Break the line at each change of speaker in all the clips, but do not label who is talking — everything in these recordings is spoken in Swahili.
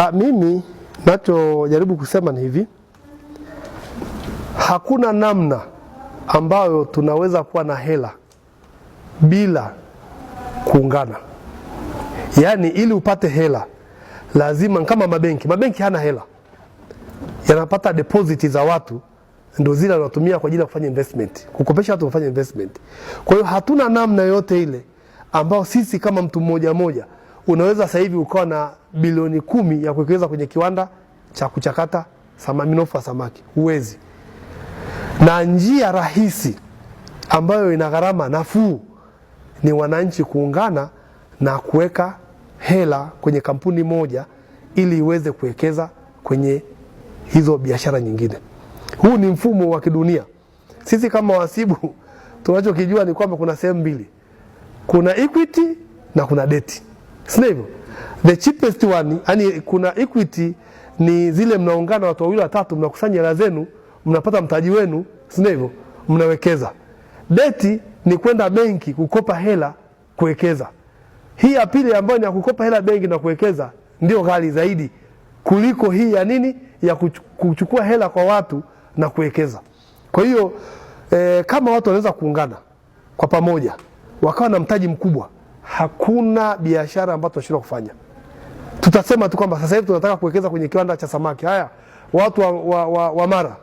A, ah, mimi nachojaribu kusema ni hivi, hakuna namna ambayo tunaweza kuwa na hela bila kuungana. Yaani, ili upate hela lazima, kama mabenki, mabenki hana hela, yanapata deposit za watu ndio zile wanatumia kwa ajili ya kufanya investment, kukopesha watu kufanya investment. Kwa hiyo hatuna namna yote ile ambayo sisi kama mtu mmoja mmoja unaweza sasa hivi ukawa na bilioni kumi ya kuwekeza kwenye kiwanda cha kuchakata minofu ya samaki, huwezi. Na njia rahisi ambayo ina gharama nafuu ni wananchi kuungana na kuweka hela kwenye kampuni moja ili iweze kuwekeza kwenye hizo biashara nyingine. Huu ni mfumo wa kidunia. Sisi kama wasibu tunachokijua ni kwamba kuna sehemu mbili, kuna equity na kuna deti sivyo? The cheapest one, yani kuna Equity ni zile mnaungana watu wawili watatu, mnakusanya hela zenu, mnapata mtaji wenu, sivyo? Mnawekeza. Deti ni kwenda benki kukopa hela kuwekeza. Hii ya pili ambayo ni ya kukopa hela benki na kuwekeza ndio ghali zaidi kuliko hii ya nini, ya kuchukua hela kwa watu na kuwekeza. Kwa hiyo eh, kama watu wanaweza kuungana kwa pamoja wakawa na mtaji mkubwa hakuna biashara ambayo tunashindwa kufanya. Tutasema tu kwamba sasa hivi tunataka kuwekeza kwenye kiwanda cha samaki. Haya, watu wa, wa, wa, wa Mara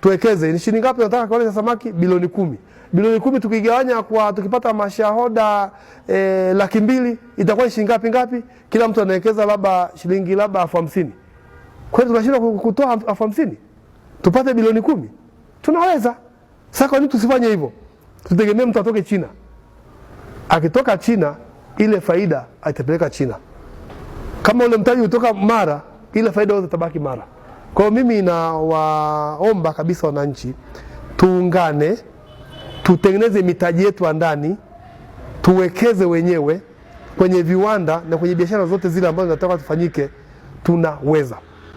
tuwekeze ni shilingi ngapi? tunataka kiwanda cha samaki bilioni kumi. Bilioni kumi tukigawanya kwa tukipata mashahoda e, laki mbili itakuwa ni shilingi ngapi ngapi? Kila mtu anawekeza labda shilingi labda elfu hamsini. Kwa hiyo tunashindwa kutoa elfu hamsini tupate bilioni kumi? Tunaweza. Sasa kwa nini tusifanye hivyo? Tutegemee mtu atoke China? Akitoka China ile faida aitapeleka China. Kama ule mtaji utoka Mara, ile faida yote itabaki Mara. Kwa hiyo mimi nawaomba kabisa wananchi, tuungane, tutengeneze mitaji yetu ya ndani, tuwekeze wenyewe kwenye viwanda na kwenye biashara zote zile ambazo zinataka tufanyike, tunaweza.